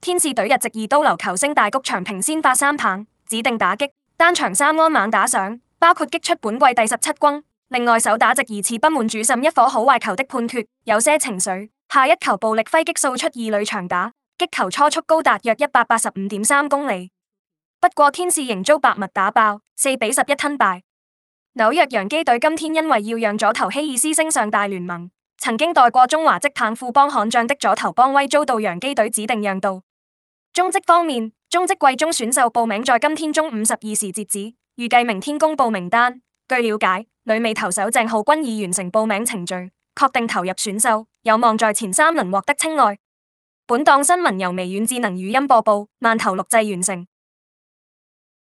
天使隊日籍二刀流球星大谷翔平先發三棒，指定打擊，單場三安猛打賞，包括擊出本季第十七轟。另外首打席疑似不滿主審一顆好壞球的判決，有些情緒。下一球暴力揮擊掃出二壘長打，擊球初速高達約一百八十五點三公里。不過天使仍遭白襪打爆，四比十一吞敗。紐約洋基隊今天因為要讓左投希爾斯升上大聯盟，曾經代過中華職棒富邦悍將的左投邦威遭到洋基隊指定讓渡。中職方面，中職季中選秀報名在今天中午十二時截止，預計明天公布名單。據了解，女美投手鄭浩均已完成報名程序，確定投入選秀，有望在前三輪獲得青睞。本檔新聞由微軟智能語音播報，慢頭錄製完成。